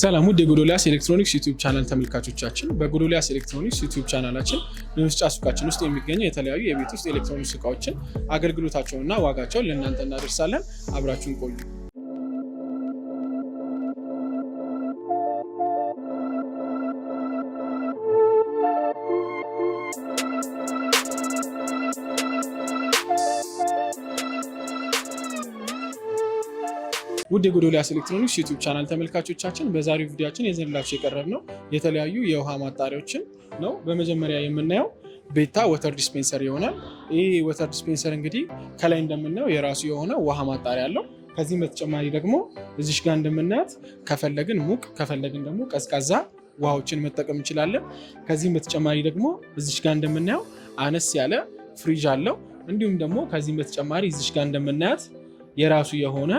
ሰላም ውድ የጎዶልያስ ኤሌክትሮኒክስ ዩቲዩብ ቻናል ተመልካቾቻችን፣ በጎዶልያስ ኤሌክትሮኒክስ ዩቲዩብ ቻናላችን በመስጫ ሱቃችን ውስጥ የሚገኙ የተለያዩ የቤት ውስጥ ኤሌክትሮኒክስ እቃዎችን አገልግሎታቸውንና ዋጋቸውን ለእናንተ እናደርሳለን። አብራችሁን ቆዩ። ውድ የጎዶልያስ ኤሌክትሮኒክስ ዩቲዩብ ቻናል ተመልካቾቻችን በዛሬው ቪዲዮችን የዘንላችሁ የቀረብ ነው የተለያዩ የውሃ ማጣሪያዎችን ነው። በመጀመሪያ የምናየው ቤታ ወተር ዲስፔንሰር ይሆናል። ይህ ወተር ዲስፔንሰር እንግዲህ ከላይ እንደምናየው የራሱ የሆነ ውሃ ማጣሪያ አለው። ከዚህም በተጨማሪ ደግሞ እዚሽ ጋር እንደምናያት ከፈለግን ሙቅ ከፈለግን ደግሞ ቀዝቃዛ ውሃዎችን መጠቀም እንችላለን። ከዚህም በተጨማሪ ደግሞ እዚሽ ጋር እንደምናየው አነስ ያለ ፍሪጅ አለው። እንዲሁም ደግሞ ከዚህም በተጨማሪ እዚሽ ጋር እንደምናያት የራሱ የሆነ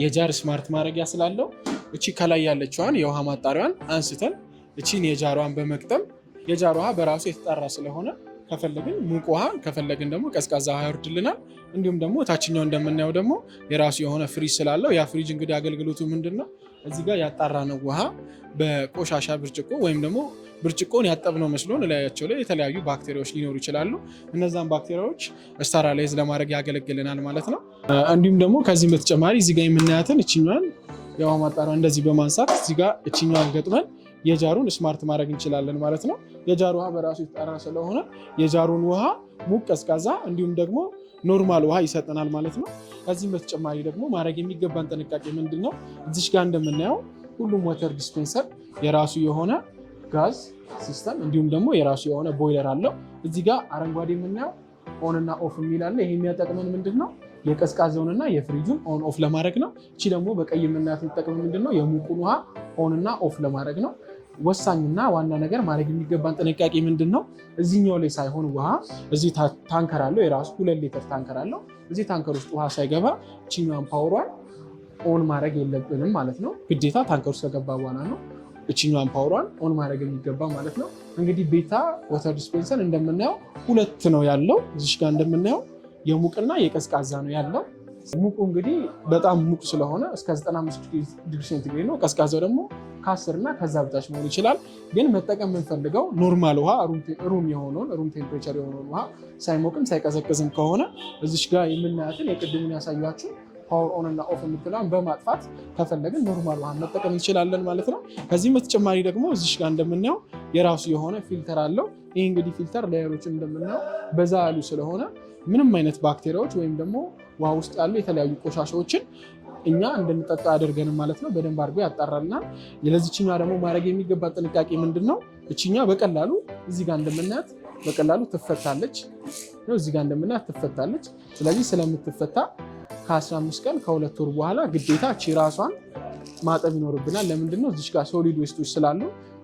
የጃር ስማርት ማድረጊያ ስላለው እቺ ከላይ ያለችዋን የውሃ ማጣሪዋን አንስተን እቺን የጃሯን በመቅጠም የጃር ውሃ በራሱ የተጠራ ስለሆነ ከፈለግን ሙቅ ውሃ ከፈለግን ደግሞ ቀዝቃዛ ውሃ ይወርድልናል። እንዲሁም ደግሞ ታችኛው እንደምናየው ደግሞ የራሱ የሆነ ፍሪጅ ስላለው ያ ፍሪጅ እንግዲህ አገልግሎቱ ምንድን ነው? እዚህ ጋር ያጣራ ነው ውሃ በቆሻሻ ብርጭቆ ወይም ደግሞ ብርጭቆን ያጠብነው መስሎን እላያቸው ላይ የተለያዩ ባክቴሪያዎች ሊኖሩ ይችላሉ። እነዛን ባክቴሪያዎች ስታራላይዝ ለማድረግ ያገለግልናል ማለት ነው። እንዲሁም ደግሞ ከዚህም በተጨማሪ ጋር የምናያትን እችኛዋን የውሃ ማጣሪያ እንደዚህ በማንሳት ጋር እችኛዋን ገጥመን የጃሩን ስማርት ማድረግ እንችላለን ማለት ነው። የጃር ውሃ በራሱ የተጠራ ስለሆነ የጃሩን ውሃ ሙቅ፣ ቀዝቃዛ እንዲሁም ደግሞ ኖርማል ውሃ ይሰጠናል ማለት ነው። ከዚህም በተጨማሪ ደግሞ ማድረግ የሚገባን ጥንቃቄ ምንድን ነው? እዚሽ ጋር እንደምናየው ሁሉም ወተር ዲስፔንሰር የራሱ የሆነ ጋዝ ሲስተም እንዲሁም ደግሞ የራሱ የሆነ ቦይለር አለው። እዚህ ጋር አረንጓዴ የምናየው ኦን እና ኦፍ የሚል አለ። ይሄ የሚያጠቅመን ምንድን ነው? የቀዝቃዜውንና የፍሪጁን ኦን ኦፍ ለማድረግ ነው። እቺ ደግሞ በቀይ የምናያት የሚጠቅመን ምንድን ነው? የሙቁን ውሃ ኦን እና ኦፍ ለማድረግ ነው። ወሳኝና ዋና ነገር ማድረግ የሚገባን ጥንቃቄ ምንድን ነው? እዚህኛው ላይ ሳይሆን ውሃ እዚህ ታንከር አለው። የራሱ ሁለት ሊትር ታንከር አለው። እዚህ ታንከር ውስጥ ውሃ ሳይገባ እችኛዋን ፓወሯን ኦን ማድረግ የለብንም ማለት ነው። ግዴታ ታንከር ውስጥ ከገባ በኋላ ነው እችኛዋን ፓወሯን ኦን ማድረግ የሚገባ ማለት ነው። እንግዲህ ቤታ ወተር ዲስፔንሰር እንደምናየው ሁለት ነው ያለው። እዚሽ ጋር እንደምናየው የሙቅና የቀዝቃዛ ነው ያለው። ሙቁ እንግዲህ በጣም ሙቅ ስለሆነ እስከ 95 ዲግሪ ሴንቲግሬድ ነው። ቀዝቃዛው ደግሞ ከአስር እና ከዛ በታች መሆን ይችላል። ግን መጠቀም የምንፈልገው ኖርማል ውሃ ሩም የሆነውን ሩም ቴምፕሬቸር የሆነውን ውሃ ሳይሞቅም ሳይቀዘቅዝም ከሆነ እዚሽ ጋር የምናያትን የቅድሙን ያሳያችሁ ፓወር ኦን እና ኦፍ የምትለዋን በማጥፋት ከፈለግን ኖርማል ውሃ መጠቀም እንችላለን ማለት ነው። ከዚህም በተጨማሪ ደግሞ እዚሽ ጋር እንደምናየው የራሱ የሆነ ፊልተር አለው። ይህ እንግዲህ ፊልተር ለየሮችን እንደምናየው በዛ ያሉ ስለሆነ ምንም አይነት ባክቴሪያዎች ወይም ደግሞ ውሃ ውስጥ ያሉ የተለያዩ ቆሻሻዎችን እኛ እንድንጠጣ ያደርገንም ማለት ነው። በደንብ አድርጎ ያጣራልናል። ለዚችኛ ደግሞ ማድረግ የሚገባ ጥንቃቄ ምንድን ነው? እችኛ በቀላሉ እዚህ ጋር እንደምናያት በቀላሉ ትፈታለች እዚህ ጋር እንደምናያት ትፈታለች። ስለዚህ ስለምትፈታ ከ15 ቀን ከሁለት ወር በኋላ ግዴታ ቺ ራሷን ማጠብ ይኖርብናል። ለምንድነው እዚች ጋር ሶሊድ ዌስቶች ስላሉ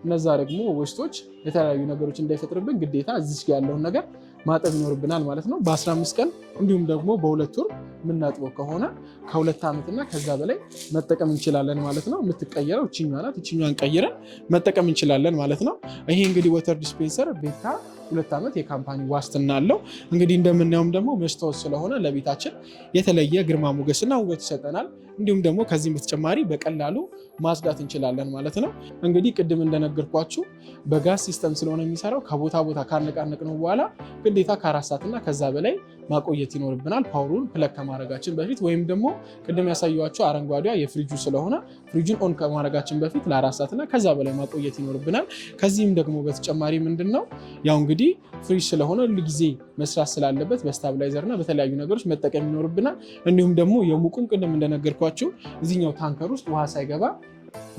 እነዛ ደግሞ ዌስቶች የተለያዩ ነገሮች እንዳይፈጥርብን ግዴታ እዚች ጋር ያለውን ነገር ማጠብ ይኖርብናል ማለት ነው። በ15 ቀን እንዲሁም ደግሞ በሁለት ወር የምናጥበው ከሆነ ከሁለት ዓመትና ከዛ በላይ መጠቀም እንችላለን ማለት ነው። የምትቀየረው እችኛ ናት። እችኛን ቀይረን መጠቀም እንችላለን ማለት ነው። ይሄ እንግዲህ ወተር ዲስፔንሰር ቤታ ሁለት ዓመት የካምፓኒ ዋስትና አለው። እንግዲህ እንደምናየውም ደግሞ መስታወት ስለሆነ ለቤታችን የተለየ ግርማ ሞገስና ውበት ይሰጠናል። እንዲሁም ደግሞ ከዚህም በተጨማሪ በቀላሉ ማጽዳት እንችላለን ማለት ነው። እንግዲህ ቅድም እንደነገርኳችሁ በጋዝ ሲስተም ስለሆነ የሚሰራው ከቦታ ቦታ ካነቃነቅ ነው በኋላ ግዴታ ከአራት ሰዓትና ከዛ በላይ ማቆየት ይኖርብናል፣ ፓውሩን ፕለግ ከማድረጋችን በፊት ወይም ደግሞ ቅድም ያሳየኋቸው አረንጓዴዋ የፍሪጁ ስለሆነ ፍሪጁን ኦን ከማድረጋችን በፊት ለአራት ሰዓትና ከዛ በላይ ማቆየት ይኖርብናል። ከዚህም ደግሞ በተጨማሪ ምንድን ነው ያው እንግዲህ ፍሪጅ ስለሆነ ሁልጊዜ መስራት ስላለበት እና በተለያዩ ነገሮች መጠቀም ይኖርብናል። እንዲሁም ደግሞ የሙቁን ቅድም እንደነገርኳ እንዳልኳቸው እዚህኛው ታንከር ውስጥ ውሃ ሳይገባ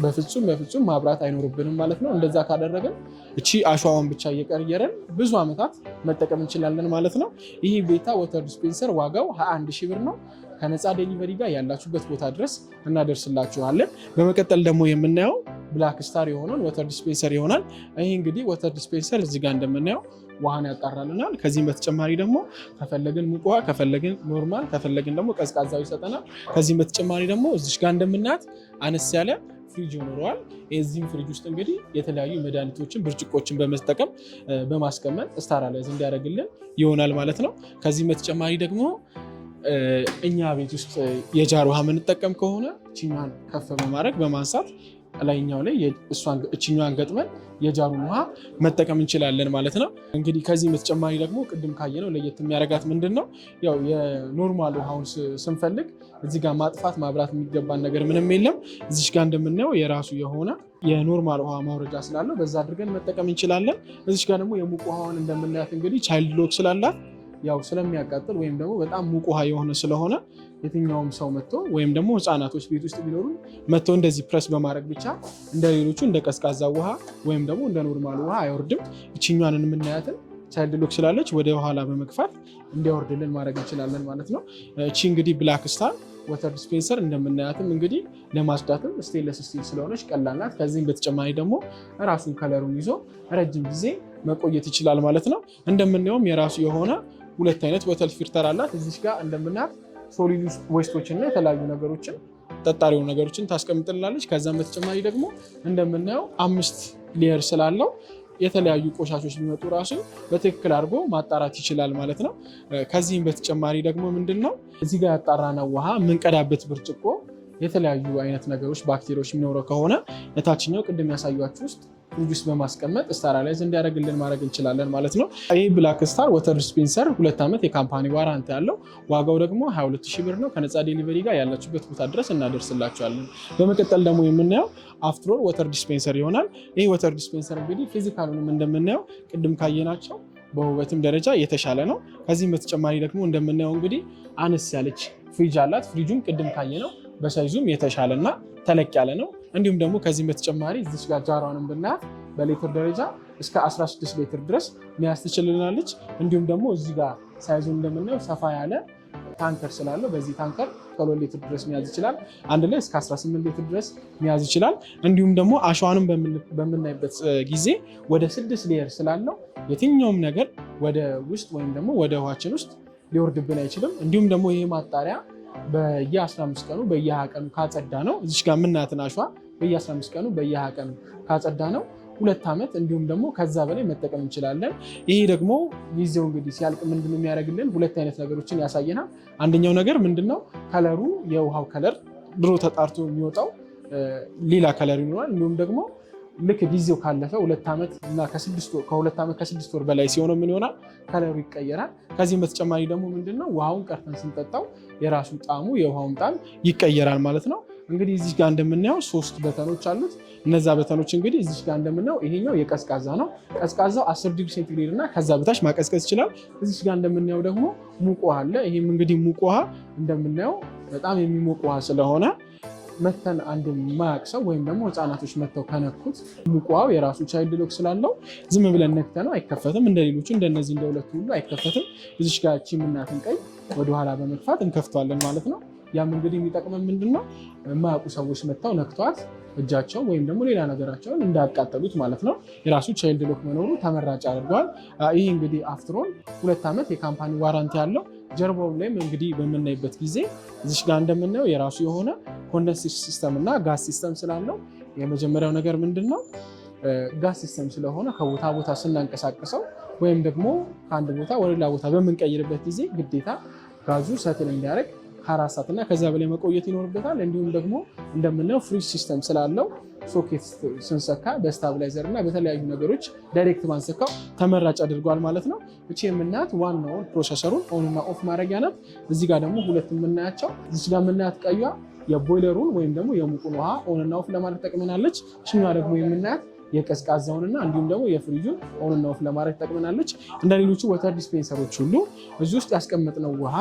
በፍጹም በፍጹም ማብራት አይኖርብንም ማለት ነው። እንደዛ ካደረገን እቺ አሸዋውን ብቻ እየቀየረን ብዙ ዓመታት መጠቀም እንችላለን ማለት ነው። ይህ ቤታ ወተር ዲስፔንሰር ዋጋው 21 ሺ ብር ነው። ከነፃ ዴሊቨሪ ጋር ያላችሁበት ቦታ ድረስ እናደርስላችኋለን። በመቀጠል ደግሞ የምናየው ብላክ ስታር የሆነውን ወተር ዲስፔንሰር ይሆናል። ይህ እንግዲህ ወተር ዲስፔንሰር እዚህ ጋር እንደምናየው ውሃን ያጣራልናል። ከዚህም በተጨማሪ ደግሞ ከፈለግን ሙቅ ውሃ፣ ከፈለግን ኖርማል፣ ከፈለግን ደግሞ ቀዝቃዛው ይሰጠናል። ከዚህም በተጨማሪ ደግሞ እዚሽ ጋር እንደምናያት አነስ ያለ ፍሪጅ ይኖረዋል። የዚህም ፍሪጅ ውስጥ እንግዲህ የተለያዩ መድኃኒቶችን፣ ብርጭቆችን በመጠቀም በማስቀመጥ ስታራላይዝ እንዲያደርግልን ይሆናል ማለት ነው። ከዚህም በተጨማሪ ደግሞ እኛ ቤት ውስጥ የጃር ውሃ የምንጠቀም ከሆነ እችኛዋን ከፍ በማድረግ በማንሳት ላይኛው ላይ እችኛዋን ገጥመን የጃሩን ውሃ መጠቀም እንችላለን ማለት ነው። እንግዲህ ከዚህ በተጨማሪ ደግሞ ቅድም ካየነው ለየት የሚያደርጋት ምንድን ነው? ያው የኖርማል ውሃውን ስንፈልግ እዚህ ጋር ማጥፋት ማብራት የሚገባን ነገር ምንም የለም። እዚች ጋር እንደምናየው የራሱ የሆነ የኖርማል ውሃ ማውረጃ ስላለው በዛ አድርገን መጠቀም እንችላለን። እዚች ጋር ደግሞ የሙቅ ውሃውን እንደምናያት እንግዲህ ቻይልድ ሎክ ስላላት ያው ስለሚያቃጥል ወይም ደግሞ በጣም ሙቅ ውሃ የሆነ ስለሆነ የትኛውም ሰው መጥቶ ወይም ደግሞ ህፃናቶች ቤት ውስጥ ቢኖሩ መጥቶ እንደዚህ ፕረስ በማድረግ ብቻ እንደ ሌሎቹ እንደ ቀዝቃዛ ውሃ ወይም ደግሞ እንደ ኖርማል ውሃ አይወርድም። እችኛንን የምናያትን ቻይልድ ሎክ ስላለች ወደ ኋላ በመግፋት እንዲያወርድልን ማድረግ እንችላለን ማለት ነው። እቺ እንግዲህ ብላክ ስታር ወተር ዲስፔንሰር እንደምናያትም እንግዲህ ለማጽዳትም ስቴንለስ ስቲል ስለሆነች ቀላል ናት። ከዚህም በተጨማሪ ደግሞ ራሱን ከለሩን ይዞ ረጅም ጊዜ መቆየት ይችላል ማለት ነው። እንደምናየውም የራሱ የሆነ ሁለት አይነት ወተል ፊልተር አላት። እዚች ጋር እንደምናያት ሶሊድ ዌስቶች እና የተለያዩ ነገሮችን ጠጣሪ የሆኑ ነገሮችን ታስቀምጥልናለች። ከዛም በተጨማሪ ደግሞ እንደምናየው አምስት ሌየር ስላለው የተለያዩ ቆሻሾች ሊመጡ ራሱ በትክክል አድርጎ ማጣራት ይችላል ማለት ነው። ከዚህም በተጨማሪ ደግሞ ምንድን ነው እዚህ ጋር ያጣራነው ውሃ የምንቀዳበት ብርጭቆ የተለያዩ አይነት ነገሮች ባክቴሪያዎች የሚኖረው ከሆነ እታችኛው ቅድም ያሳያችሁ ውስጥ ፍሪጅ ውስጥ በማስቀመጥ ስታራላይዝ እንዲያደርግልን ማድረግ እንችላለን ማለት ነው። ይህ ብላክ ስታር ወተር ዲስፔንሰር ሁለት ዓመት የካምፓኒ ዋራንት ያለው ዋጋው ደግሞ 22 ብር ነው። ከነፃ ዴሊቨሪ ጋር ያላችሁበት ቦታ ድረስ እናደርስላቸዋለን። በመቀጠል ደግሞ የምናየው አፍትሮር ወተር ዲስፔንሰር ይሆናል። ይህ ወተር ዲስፔንሰር እንግዲህ ፊዚካሉንም እንደምናየው ቅድም ካየናቸው በውበትም ደረጃ የተሻለ ነው። ከዚህም በተጨማሪ ደግሞ እንደምናየው እንግዲህ አነስ ያለች ፍሪጅ አላት። ፍሪጁም ቅድም ካየ ነው በሳይዙም የተሻለና ተለቅ ያለ ነው። እንዲሁም ደግሞ ከዚህም በተጨማሪ እዚች ጋር ጃራውንም ብናያት በሌትር ደረጃ እስከ 16 ሌትር ድረስ መያዝ ትችልናለች። እንዲሁም ደግሞ እዚህ ጋር ሳይዙ እንደምናየው ሰፋ ያለ ታንከር ስላለው በዚህ ታንከር ከሎ ሌትር ድረስ መያዝ ይችላል። አንድ ላይ እስከ 18 ሌትር ድረስ መያዝ ይችላል። እንዲሁም ደግሞ አሸዋንም በምናይበት ጊዜ ወደ ስድስት ሌየር ስላለው የትኛውም ነገር ወደ ውስጥ ወይም ደግሞ ወደ ውሃችን ውስጥ ሊወርድብን አይችልም። እንዲሁም ደግሞ ይህ ማጣሪያ በየ15 ቀኑ በየ20 ቀኑ ካጸዳ ነው እዚች ጋር የምናያትን አሸዋ በየ15 ቀኑ በየ20 ቀኑ ካጸዳ ነው ሁለት ዓመት እንዲሁም ደግሞ ከዛ በላይ መጠቀም እንችላለን። ይሄ ደግሞ ጊዜው እንግዲህ ሲያልቅ ምንድን ነው የሚያደርግልን? ሁለት አይነት ነገሮችን ያሳየናል። አንደኛው ነገር ምንድን ነው? ከለሩ የውሃው ከለር ድሮ ተጣርቶ የሚወጣው ሌላ ከለር ይኖራል። እንዲሁም ደግሞ ልክ ጊዜው ካለፈ ከሁለት ዓመት ከስድስት ወር በላይ ሲሆነው ምን ይሆናል? ከለሩ ይቀየራል። ከዚህም በተጨማሪ ደግሞ ምንድነው ውሃውን ቀርተን ስንጠጣው የራሱ ጣዕሙ የውሃውን ጣዕም ይቀየራል ማለት ነው። እንግዲህ እዚህ ጋር እንደምናየው ሶስት በተኖች አሉት። እነዛ በተኖች እንግዲህ እዚህ ጋር እንደምናየው ይሄኛው የቀዝቃዛ ነው። ቀዝቃዛው አስር ዲግሪ ሴንቲግሬድ እና ከዛ በታች ማቀዝቀዝ ይችላል። እዚህ ጋር እንደምናየው ደግሞ ሙቅ ውሃ አለ። ይህም እንግዲህ ሙቅ ውሃ እንደምናየው በጣም የሚሞቅ ውሃ ስለሆነ መተን አንድ የማያውቅ ሰው ወይም ደግሞ ህፃናቶች መተው ከነኩት ሙቋው የራሱ ቻይልድ ሎክ ስላለው ዝም ብለን ነክተ ነው አይከፈትም። እንደ ሌሎቹ እንደነዚህ እንደ ሁለቱ ሁሉ አይከፈትም። እዚሽ ጋር ቺ ቀይ ወደኋላ በመግፋት እንከፍተዋለን ማለት ነው። ያም እንግዲህ የሚጠቅመን ምንድን ነው? የማያውቁ ሰዎች መጥተው ነክቷት እጃቸው ወይም ደግሞ ሌላ ነገራቸውን እንዳያቃጠሉት ማለት ነው። የራሱ ቻይልድ ሎክ መኖሩ ተመራጭ አድርገዋል። ይህ እንግዲህ አፍትሮን ሁለት ዓመት የካምፓኒ ዋራንቲ አለው። ጀርባው ላይም እንግዲህ በምናይበት ጊዜ እዚሽ ጋር እንደምናየው የራሱ የሆነ ኮንደንሴሽን ሲስተም እና ጋዝ ሲስተም ስላለው የመጀመሪያው ነገር ምንድን ነው? ጋዝ ሲስተም ስለሆነ ከቦታ ቦታ ስናንቀሳቀሰው ወይም ደግሞ ከአንድ ቦታ ወደ ሌላ ቦታ በምንቀይርበት ጊዜ ግዴታ ጋዙ ሰትል እንዲያደርግ 24 ሰዓት እና ከዛ በላይ መቆየት ይኖርበታል። እንዲሁም ደግሞ እንደምናየው ፍሪጅ ሲስተም ስላለው ሶኬት ስንሰካ በስታብላይዘር እና በተለያዩ ነገሮች ዳይሬክት ማንሰካው ተመራጭ አድርጓል ማለት ነው። እቺ የምናያት ዋናውን ፕሮሰሰሩን ኦንና ኦፍ ማድረጊያ ናት። እዚህ ጋር ደግሞ ሁለት የምናያቸው እዚህ ጋር የምናያት ቀዩዋ የቦይለሩን ወይም ደግሞ የሙቁን ውሃ ኦንና ኦፍ ለማድረግ ጠቅመናለች። እሽኛ ደግሞ የምናያት የቀዝቃዛውንና እንዲሁም ደግሞ የፍሪጁን ኦንና ኦፍ ለማድረግ ትጠቅመናለች። እንደ ሌሎቹ ወተር ዲስፔንሰሮች ሁሉ እዚህ ውስጥ ያስቀመጥነው ውሃ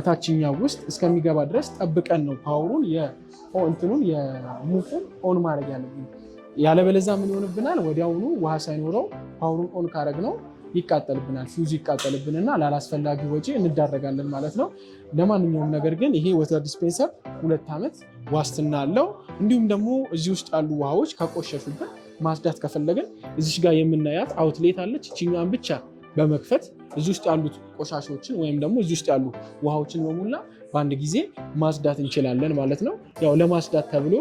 እታችኛው ውስጥ እስከሚገባ ድረስ ጠብቀን ነው ፓወሩን የኦንትኑን የሙቁን ኦን ማድረግ ያለብን። ያለበለዛ ምን ይሆንብናል? ወዲያውኑ ውሃ ሳይኖረው ፓወሩን ኦን ካረግ ነው ይቃጠልብናል ፊውዝ ይቃጠልብንና ላላስፈላጊ ወጪ እንዳረጋለን ማለት ነው። ለማንኛውም ነገር ግን ይሄ ወተር ዲስፔንሰር ሁለት ዓመት ዋስትና አለው። እንዲሁም ደግሞ እዚህ ውስጥ ያሉ ውሃዎች ከቆሸሹብን ማጽዳት ከፈለገን እዚች ጋር የምናያት አውትሌት አለች። እችኛዋን ብቻ በመክፈት እዚ ውስጥ ያሉት ቆሻሾችን ወይም ደግሞ እዚ ውስጥ ያሉ ውሃዎችን በሙላ በአንድ ጊዜ ማጽዳት እንችላለን ማለት ነው። ያው ለማጽዳት ተብሎ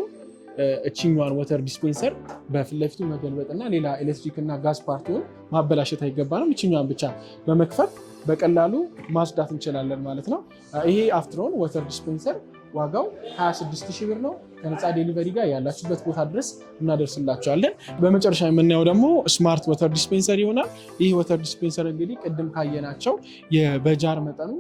እችኛዋን ወተር ዲስፔንሰር በፊት ለፊቱ መገልበጥና ሌላ ኤሌክትሪክ እና ጋዝ ፓርቲውን ማበላሸት አይገባንም። እችኛዋን ብቻ በመክፈት በቀላሉ ማጽዳት እንችላለን ማለት ነው። ይሄ አፍትሮን ወተር ዲስፔንሰር ዋጋው 26000 ብር ነው። ከነፃ ዴሊቨሪ ጋር ያላችሁበት ቦታ ድረስ እናደርስላቸዋለን። በመጨረሻ የምናየው ደግሞ ስማርት ወተር ዲስፔንሰር ይሆናል። ይህ ወተር ዲስፔንሰር እንግዲህ ቅድም ካየናቸው የበጃር መጠኑ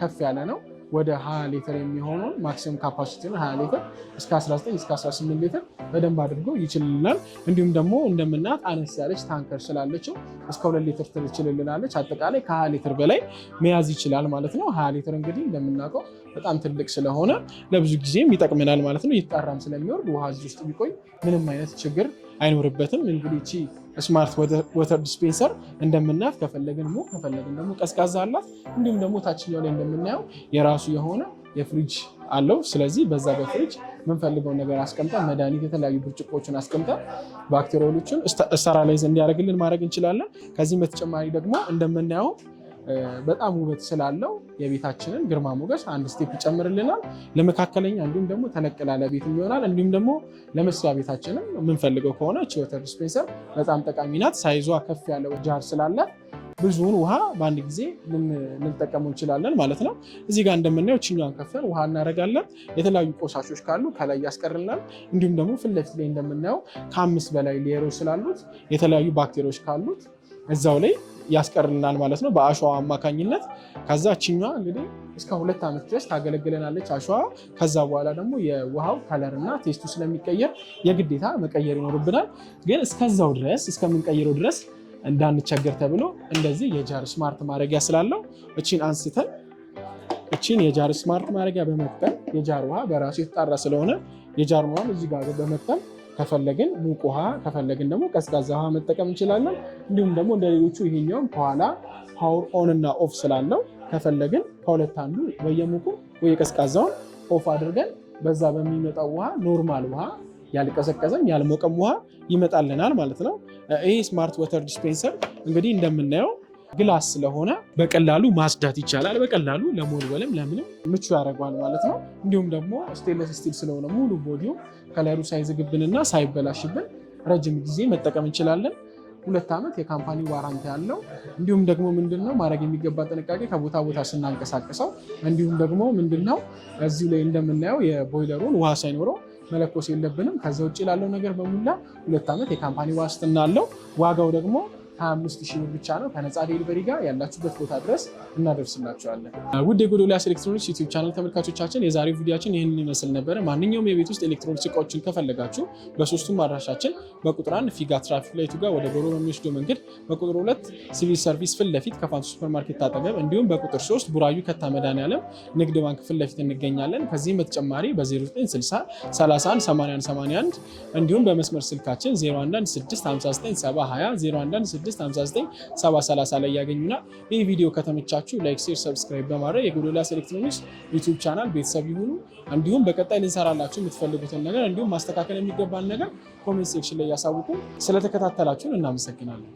ከፍ ያለ ነው። ወደ 20 ሊትር የሚሆነውን ማክሲመም ካፓሲቲ ነው 20 ሊትር እስከ 19 እስከ 18 ሊትር በደንብ አድርጎ ይችልልናል። እንዲሁም ደግሞ እንደምናት አነስ ያለች ታንከር ስላለችው እስከ 2 ሊትር ትችልልናለች። አጠቃላይ ከ20 ሊትር በላይ መያዝ ይችላል ማለት ነው። 20 ሊትር እንግዲህ እንደምናውቀው በጣም ትልቅ ስለሆነ ለብዙ ጊዜም ይጠቅመናል ማለት ነው። ይጣራም ስለሚወርድ ውሃ እዚህ ውስጥ ቢቆይ ምንም አይነት ችግር አይኖርበትም። እንግዲህ ስማርት ወተር ዲስፔንሰር እንደምናያት ከፈለግን ሞ ከፈለግን ደግሞ ቀዝቃዛ አላት። እንዲሁም ደግሞ ታችኛው ላይ እንደምናየው የራሱ የሆነ የፍሪጅ አለው። ስለዚህ በዛ በፍሪጅ የምንፈልገውን ነገር አስቀምጠን መድኃኒት፣ የተለያዩ ብርጭቆችን አስቀምጠን ባክቴሪያሎችን ስተራላይዝ እንዲያደርግልን ማድረግ እንችላለን። ከዚህም በተጨማሪ ደግሞ እንደምናየው በጣም ውበት ስላለው የቤታችንን ግርማ ሞገስ አንድ ስቴፕ ይጨምርልናል። ለመካከለኛ እንዲሁም ደግሞ ተለቅ ላለ ይሆናል። እንዲሁም ደግሞ ለመስሪያ ቤታችንም የምንፈልገው ከሆነ ችወተር ዲስፔንሰር በጣም ጠቃሚ ናት። ሳይዟ ከፍ ያለ ጃር ስላላት ብዙውን ውሃ በአንድ ጊዜ ልንጠቀሙ እንችላለን ማለት ነው። እዚህ ጋር እንደምናየው ችኛን ከፍተን ውሃ እናደርጋለን። የተለያዩ ቆሻሾች ካሉ ከላይ ያስቀርልናል። እንዲሁም ደግሞ ፊት ለፊት ላይ እንደምናየው ከአምስት በላይ ሌየሮች ስላሉት የተለያዩ ባክቴሪያዎች ካሉት እዛው ላይ ያስቀርልናል ማለት ነው በአሸዋ አማካኝነት። ከዛ ችኛ እንግዲህ እስከ ሁለት ዓመት ድረስ ታገለግለናለች አሸዋ። ከዛ በኋላ ደግሞ የውሃው ከለር እና ቴስቱ ስለሚቀየር የግዴታ መቀየር ይኖርብናል። ግን እስከዛው ድረስ እስከምንቀይረው ድረስ እንዳንቸገር ተብሎ እንደዚህ የጃር ስማርት ማድረጊያ ስላለው እችን አንስተን እችን የጃር ስማርት ማድረጊያ በመጠቀም የጃር ውሃ በራሱ የተጣራ ስለሆነ የጃር ውሃም እዚህ ጋር በመጠቀም ከፈለግን ሙቅ ውሃ ከፈለግን ደግሞ ቀዝቃዛ ውሃ መጠቀም እንችላለን። እንዲሁም ደግሞ እንደሌሎቹ ይሄኛውም ከኋላ ፓወር ኦን እና ኦፍ ስላለው ከፈለግን ከሁለት አንዱ በየሙቁ ወይ የቀዝቃዛውን ኦፍ አድርገን በዛ በሚመጣው ውሃ ኖርማል ውሃ ያልቀዘቀዘም ያልሞቀም ውሃ ይመጣልናል ማለት ነው። ይህ ስማርት ወተር ዲስፔንሰር እንግዲህ እንደምናየው ግላስ ስለሆነ በቀላሉ ማጽዳት ይቻላል። በቀላሉ ለመወልወልም ለምንም ምቹ ያደርገዋል ማለት ነው። እንዲሁም ደግሞ ስቴንለስ ስቲል ስለሆነ ሙሉ ቦዲው ከለሩ ሳይዝግብንና ሳይበላሽብን ረጅም ጊዜ መጠቀም እንችላለን። ሁለት ዓመት የካምፓኒ ዋራንት ያለው እንዲሁም ደግሞ ምንድነው ማድረግ የሚገባ ጥንቃቄ ከቦታ ቦታ ስናንቀሳቀሰው እንዲሁም ደግሞ ምንድነው እዚሁ ላይ እንደምናየው የቦይለሩን ውሃ ሳይኖረው መለኮስ የለብንም። ከዛ ውጭ ላለው ነገር በሙላ ሁለት ዓመት የካምፓኒ ዋስትና አለው። ዋጋው ደግሞ 25 ሺህ ብር ብቻ ነው ከነፃ ዴሊቨሪ ጋር ያላችሁበት ቦታ ድረስ እናደርስላቸዋለን። ውድ የጎዶልያስ ኤሌክትሮኒክስ ዩቲዩብ ቻናል ተመልካቾቻችን የዛሬው ቪዲዮችን ይህንን ይመስል ነበረ። ማንኛውም የቤት ውስጥ ኤሌክትሮኒክስ እቃዎችን ከፈለጋችሁ በሶስቱም አድራሻችን በቁጥር አንድ ፊጋ ትራፊክ ላይቱ ጋር ወደ ዶሮ በሚወስደው መንገድ፣ በቁጥር ሁለት ሲቪል ሰርቪስ ፊት ለፊት ከፋንቱ ሱፐርማርኬት አጠገብ፣ እንዲሁም በቁጥር ሶስት ቡራዩ ከታ መድኃኒዓለም ንግድ ባንክ ፊት ለፊት እንገኛለን። ከዚህም በተጨማሪ በ0960 እንዲሁም በመስመር ስልካችን 011 6 7 20 06 59 70 30 ላይ ያገኙናል። ይህ ቪዲዮ ከተመቻችሁ ላይክ፣ ሼር፣ ሰብስክራይብ በማድረግ የጎዶልያስ ኤሌክትሮኒክስ ዩቲዩብ ቻናል ቤተሰብ ይሁኑ። እንዲሁም በቀጣይ ልንሰራላችሁ የምትፈልጉትን ነገር እንዲሁም ማስተካከል የሚገባን ነገር ኮሜንት ሴክሽን ላይ ያሳውቁ። ስለተከታተላችሁን እናመሰግናለን።